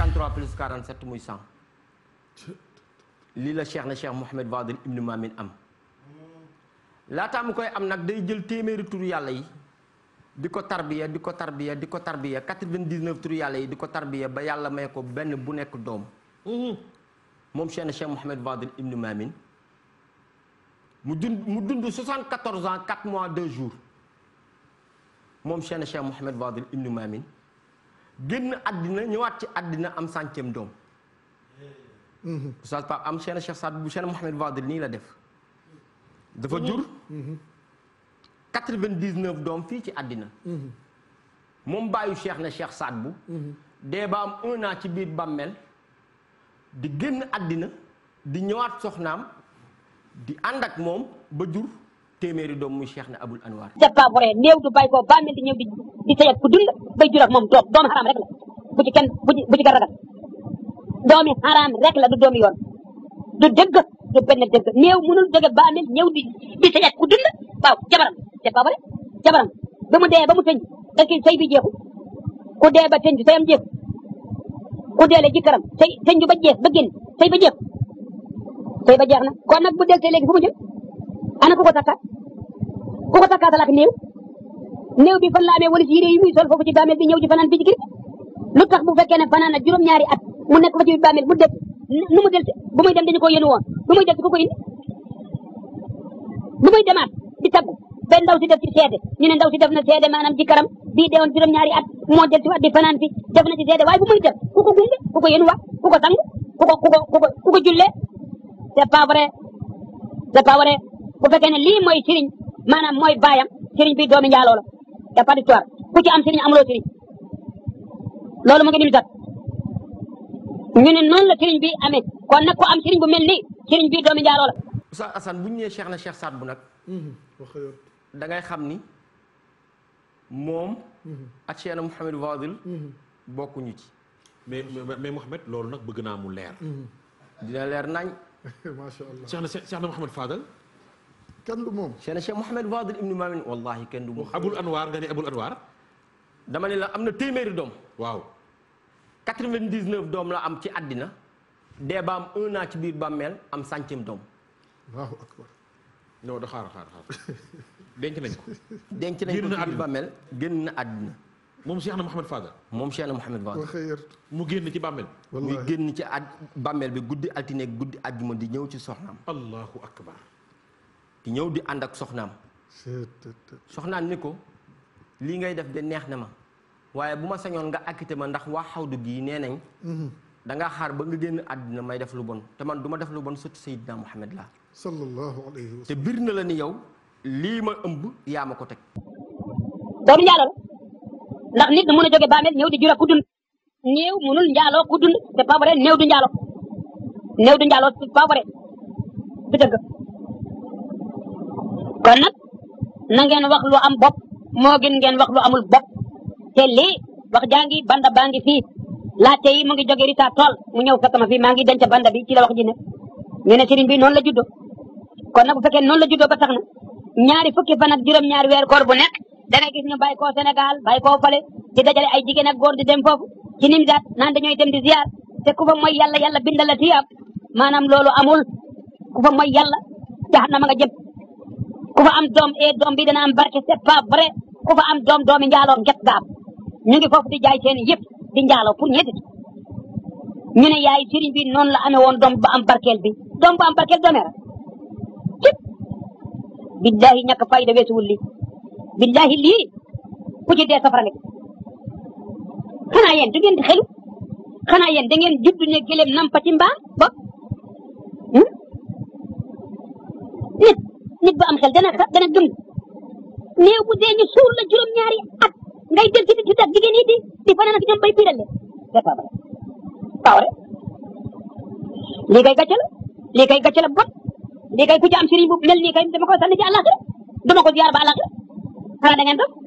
53 plus 47 muy 100 lii la cheikh na cheikh Mouhamed Fadel ibn Mamin am la tam koy am nak day jël téméré tour yàlla yi diko tarbiya diko tarbiya diko tarbiya 99 tour yàlla yi diko tarbiya ba yàlla may ko ben bu nekk doom mom cheikh na cheikh Mouhamed Fadel ibn Mamin mu dund 74 ans 4 mois 2 jours mom cheikh na cheikh Mouhamed Fadel ibn Mamin génn àddina ñëwaat ci àddina am centième doom oustaz Pape am Cheikh Cheikh Saad bu Cheikh Mouhamed Vadil nii la def dafa mhm. jur mhm. quatre-vingt-dix-neuf doom fii ci àddina mhm. moom bàyyu Cheikh na Cheikh Saad bu dee ba am un an ci biir bàmmeel di génn àddina di ñëwaat soxnaam di ànd ak moom ba jur téeméeri doom muy Cheikh na Abul Anwar. c'est pas vrai néew du bay ko bàmmeel di ñëw di di sëy ak ku dund bay jur ak moom doom doomu xaraam rek la bu ci kenn bu ci bu ci ragal doomi xaraam rek la du doomi yoon du dëgg du benn dëgg néew mënul jóge bàmmeel ñëw di di sëy ak ku dund waaw jabaram c'est pas vrai jabaram ba mu dee ba mu tëñ est-ce que sëy bi jeexu ku dee ba tëñ sëyam jeexu ku dee la jëkkëram sëy tëñ ba jeex ba génn sëy ba jeex sëy ba jeex na kon nag bu dee sëy léegi fu mu jëm ana ku ko takkaat ku ko takkaatal ak néew néew bi fan la amee wala si yére yu muy sol foofu ci bàmmeel bi ñëw ci fanaan bi ci lu tax bu fekkee ne fanaan ak juróom-ñaari at mu nekk fa ci bàmmeel mu def nu mu del bu muy dem ko yénu woon bu muy del ku ko indi bu muy demaat di taggu ba ndaw si def na seede maanaam ci karam bii deewoon juróom-ñaari at moo del ku ko gunge ku ko yénu wax ku ko sangu ku ko ko ku ko ko jullee c'est pas vrai c'est pas vrai bu fekkee ne lii mooy sëriñ maanaam mooy baayam sëriñ bi doomi njaaloo la y a pas d'histoire ku ci am sëriñ amuloo sëriñ loolu mu ngi nim sat ñu ne noonu la sëriñ bi amee kon nag ku am sëriñ bu mel nii sëriñ bi doomi njaaloo la Oustaz Assane bu ñu nee Cheikh na Cheikh Saad bu nag da ngay xam ni moom ak Cheikh na Mouhamed Fadil bokkuñu ci mais mais Mouhamed loolu nag bëgg naa mu leer dina leer nañ macha allah Cheikh na Cheikh na Mouhamed Fadal كان محمد فاضل ابن مامن والله كان دوموم ابو الانوار غني ابو الانوار دما لا امنا تيمير دوم واو 99 دوم لا ام تي ادنا دي بام 1 ان تي بير بامل ام سانتيم دوم واو اكبر نو دو خار خار خار دنت نانكو دنت نانكو جن ادنا بامل ген ادنا موم شيخنا محمد فاضل موم شيخنا محمد فاضل خير مو ген تي باميل مي ген تي باميل بي غودي التينيك غودي ادمو دي نيو تي سوخنام الله اكبر di ànd ak soxnaam soxnaam ni ko ngay def de neex na ma waaye bu ma sañoon nga ma ndax waa xawdu nee nañ mm-hmm. danga xaar ba nga génn may def lu bon te man du def lu bon surtout Seydina Muhammad laa sallallahu alayhi wa la ni yow lii ma ëmb yaa ma ko teg doomu njaaloo la ndax nit na mën a jóge bàmmeel ñëw di jura ku dund du njaaloo néew du njaaloo c'est kon nag na ngeen wax lu am bopp moo gën ngeen wax lu amul bopp te lii wax jangi banda bangi fii laajte yi mu ngi jóge rita tool mu ñëw fekk ma fii maa ngi denc banda bi ci la wax ji ne ñu ne sëriñ bi noonu la juddoo kon nag bu fekkee noonu la juddoo ba tax na ñaari fukki fan ak juróom ñaari weer koor bu nekk da ngay gis ñu bàyyi koo Sénégal bàyyi koo fale di dajale ay jigéen ak góor di dem foofu ci nim daat naan dañooy dem di ziar te ku fa mooy yàlla yàlla bindal la tiyaab maanaam loolu amul ku fa mooy yàlla ma nga jëm ku fa am doom e doom bi dana am barke c'est pas vrai ku fa am doom doomi njaaloo nget gaam ñu ngi foofu di jaay seen yëpp di njaaloo pour ñetti ñu ne yaay sëriñ bi noonu la amee woon doom ba am barkeel bi doom ba am barkeel doomee ra cëp billahi ñàkk fayda weesuwul lii billahi lii ku ci dee safara nga ci xanaa yéen ngeen di xelu xanaa yéen da ngeen juddu ne gëléem nampa ci mbaam bopp du am xel dana dana dund néew bu dee ñu suur la juróom-ñaari at ngay jël ci di ak jigéen yi di di fanaan ak ñoom bay piiral leen c'est pas vrai pas vrai lii kay gàcce la lii kay ku ci am sëriñ bu mel nii kay dama koy sànni ci àllaaxira dama ko ziar ba àllaaxira xanaa da ngeen